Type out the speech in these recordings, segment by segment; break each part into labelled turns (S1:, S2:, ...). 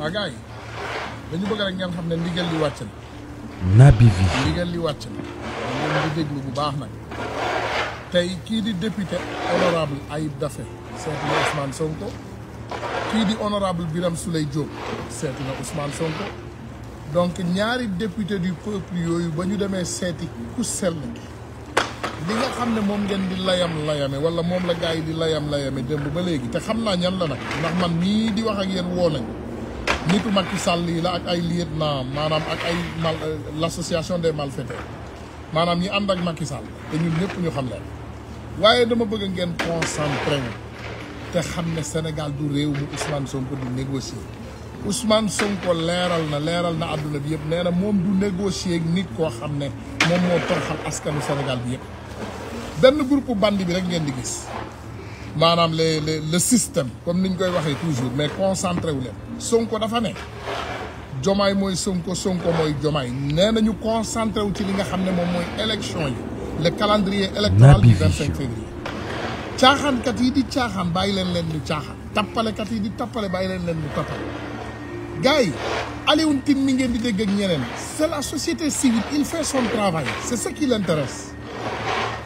S1: waa gars yi dañu bëgg rek ngeen xam ne ndigal li wàcc na. Naby Vision ndigal li wàcc na. di déglu bu baax di député honorable Ayib Daffé setina na Ousmane Sonko. di honorable Biram Souleye Diop seet na Ousmane Sonko. donc ñaari député du peuple yooyu ba ñu demee seeti ku sell li nga ngeen di layam layame wala moom la gars di layam layame démb ba léegi te xam naa ñan la nag ndax man di wax ak nitu Macky Sall yi la ak ay lieutenant maanaam ak ay mal euh, l' association des malfaiteurs maanaam ñi ànd ak Macky Sall te ñun ñëpp ñu xam leen waaye dama bëgg ngeen concentré wu te xam ne Sénégal du réew mu Ousmane Sonko du négocier Ousmane Sonko leeral na leeral na àdduna bi yëpp nee na moom du négocier ak nit koo xam ne moom moo torxal askanu Sénégal bi yëpp benn groupe bandi bi rek ngeen di gis. manam le les le système comme niñ koy waxé toujours mais concentré wu leen Sonko dafa né jomaay moy Sonko Sonko moy jomaay né nañu concentré wu ci li nga xamné mom moy élection yi le calendrier électoral du 25 février caaxaankat yi di caaxaan bàyyi len leen ñu caaxaan tappalekat yi di tappale bàyyi leen len ñu tappale gars yi Alioune Tine mi ngeen di dégg ak ñeneen c'est la société civile il fait son travail c'est ce qui l'intéresse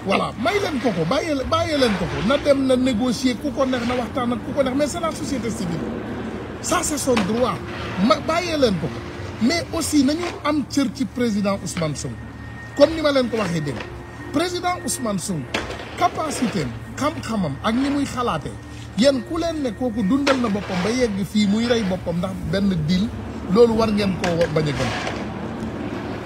S1: voilà may leen ko ko bàyyee bàyyee leen ko ko na dem na négocier ku ko neex na waxtaan ak ku ko neex mais c'est la société civile ça sa son droit ma bàyyee leen ko ko mais aussi nañu am cër ci président Ousmane Sonko comme ni ma leen ko waxee dégg président Ousmane Sonko capacité xam-xamam ak ni muy xalaatee yéen ku leen ne kooku dundal na boppam ba yegg fii muy rey boppam ndax benn deal loolu war ngeen koo bañ a gën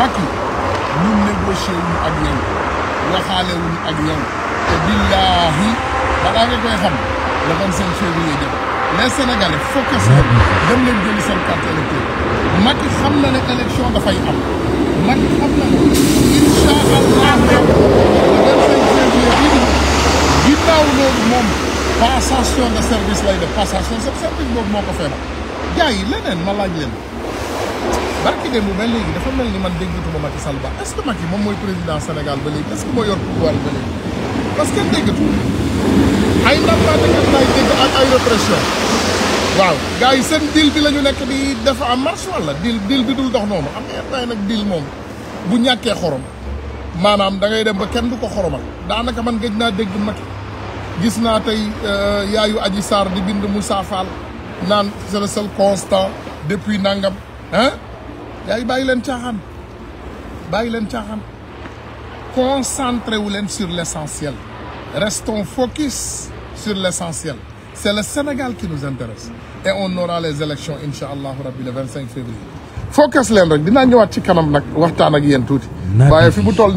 S1: Macky ñun négocié wuñu ak yow waxaale wuñu ak yow te billaahi balaa nga koy xam le 25 février jëm les sénégalais focus la dem leen jëli seen carte électeur Macky xam na ne élection dafay am Macky xam na ne incha allah le 25 février bii di ginnaaw loolu moom passation de service lay def passation de service boobu moo ko feebar gars yi leneen ma laaj leen barki démb ba léegi dafa mel ni man déggatuma Macky Sall ba est-ce que Macky moom mooy président Sénégal ba léegi est-ce que moo yor pouvoir parce que déggatu ay ndàmpaate kat laay ak ay répression waaw gars yi seen deal bi nekk di defa am marche wala deal deal bi dul dox noonu am na nag deal moom bu ñàkkee xorom maanaam da ngay dem ba kenn du ko xoromal daanaka man gëj naa dégg Macky gis naa tey euh, yaayu aji Sarr di bind Moussa Fall naan c'est le seul constant depuis nangam Il concentrez-vous sur l'essentiel restons focus sur l'essentiel c'est le Sénégal qui nous intéresse et on aura les élections Inch'Allah, le 25 février focus les rek Dina ñëwaat ci kanam nak waxtaan ak Il y a fi bu toll